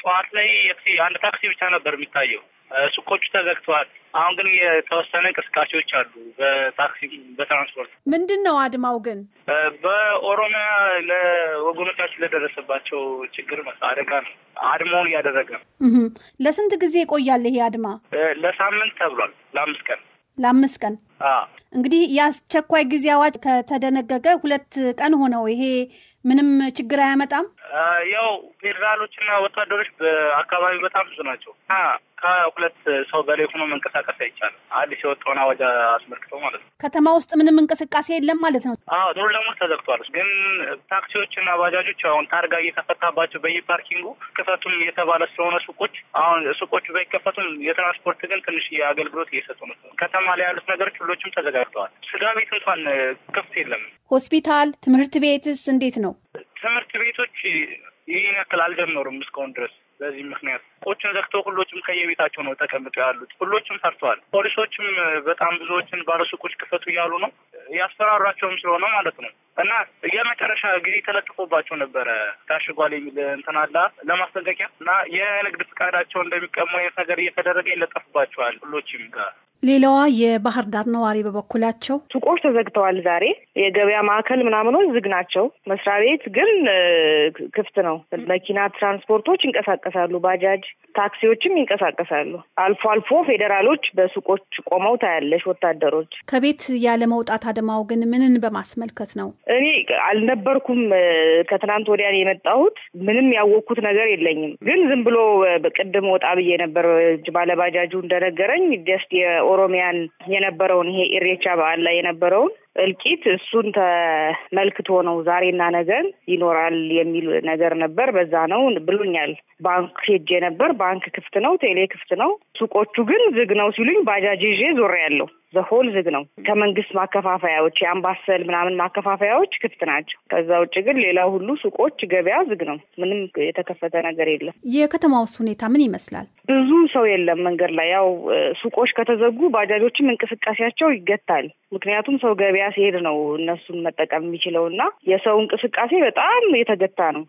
ጠዋት ላይ አንድ ታክሲ ብቻ ነበር የሚታየው። ሱቆቹ ተዘግተዋል። አሁን ግን የተወሰነ እንቅስቃሴዎች አሉ በታክሲ በትራንስፖርት። ምንድን ነው አድማው ግን በኦሮሚያ ለወገኖቻችን ለደረሰባቸው ችግር አደጋ ነው አድማውን እያደረገ ነው። ለስንት ጊዜ ይቆያል ይሄ አድማ? ለሳምንት ተብሏል። ለአምስት ቀን ለአምስት ቀን እንግዲህ የአስቸኳይ ጊዜ አዋጅ ከተደነገገ ሁለት ቀን ሆነው ይሄ ምንም ችግር አያመጣም። ያው ፌዴራሎችና ወታደሮች በአካባቢ በጣም ብዙ ናቸው ከሁለት ሰው በላይ ሆኖ መንቀሳቀስ አይቻልም። አዲስ የወጣውን አዋጅ አስመልክተው ማለት ነው። ከተማ ውስጥ ምንም እንቅስቃሴ የለም ማለት ነው። አዎ ዶር ተዘግቷል። ግን ታክሲዎችና ባጃጆች አሁን ታርጋ እየተፈታባቸው በየፓርኪንጉ ክፈቱም እየተባለ ስለሆነ ሱቆች አሁን ሱቆቹ ባይከፈቱም የትራንስፖርት ግን ትንሽ የአገልግሎት እየሰጡ ነው። ከተማ ላይ ያሉት ነገሮች ሁሎችም ተዘጋግተዋል። ስጋ ቤት እንኳን ክፍት የለም። ሆስፒታል፣ ትምህርት ቤትስ እንዴት ነው? ትምህርት ቤቶች ይህን ያክል አልጀመሩም እስካሁን ድረስ። በዚህ ምክንያት ቆችን ዘግተው ሁሎችም ከየቤታቸው ነው ተቀምጠው ያሉት። ሁሎችም ፈርተዋል። ፖሊሶችም በጣም ብዙዎችን ባለሱቆች ክፈቱ እያሉ ነው ያስፈራሯቸውም ስለሆነ ማለት ነው። እና የመጨረሻ ጊዜ ተለጥፎባቸው ነበረ ታሽጓል የሚል እንትናላ ለማስጠንቀቂያ እና የንግድ ፈቃዳቸው እንደሚቀሙ ነገር እየተደረገ ይለጠፍባቸዋል ሁሎችም ጋር ሌላዋ የባህር ዳር ነዋሪ በበኩላቸው ሱቆች ተዘግተዋል፣ ዛሬ የገበያ ማዕከል ምናምኖች ዝግ ናቸው። መስሪያ ቤት ግን ክፍት ነው። መኪና ትራንስፖርቶች ይንቀሳቀሳሉ፣ ባጃጅ ታክሲዎችም ይንቀሳቀሳሉ። አልፎ አልፎ ፌዴራሎች በሱቆች ቆመው ታያለሽ። ወታደሮች ከቤት ያለ መውጣት አድማው ግን ምንን በማስመልከት ነው? እኔ አልነበርኩም። ከትናንት ወዲያ የመጣሁት ምንም ያወቅኩት ነገር የለኝም። ግን ዝም ብሎ ቅድም ወጣ ብዬ ነበር ባለባጃጁ እንደነገረኝ ደስ ኦሮሚያን የነበረውን ይሄ ኢሬቻ በዓል ላይ የነበረውን እልቂት እሱን ተመልክቶ ነው ዛሬና ነገን ይኖራል የሚል ነገር ነበር። በዛ ነው ብሎኛል። ባንክ ሄጄ ነበር። ባንክ ክፍት ነው፣ ቴሌ ክፍት ነው፣ ሱቆቹ ግን ዝግ ነው ሲሉኝ ባጃጅ ይዤ ዞሬ ያለው ዘሆል ዝግ ነው። ከመንግስት ማከፋፈያዎች የአምባሰል ምናምን ማከፋፈያዎች ክፍት ናቸው። ከዛ ውጭ ግን ሌላ ሁሉ ሱቆች፣ ገበያ ዝግ ነው። ምንም የተከፈተ ነገር የለም። የከተማውስ ሁኔታ ምን ይመስላል? ብዙ ሰው የለም መንገድ ላይ ያው ሱቆች ከተዘጉ ባጃጆችም እንቅስቃሴያቸው ይገታል። ምክንያቱም ሰው ገበያ ሲሄድ ነው እነሱን መጠቀም የሚችለው እና የሰው እንቅስቃሴ በጣም የተገታ ነው።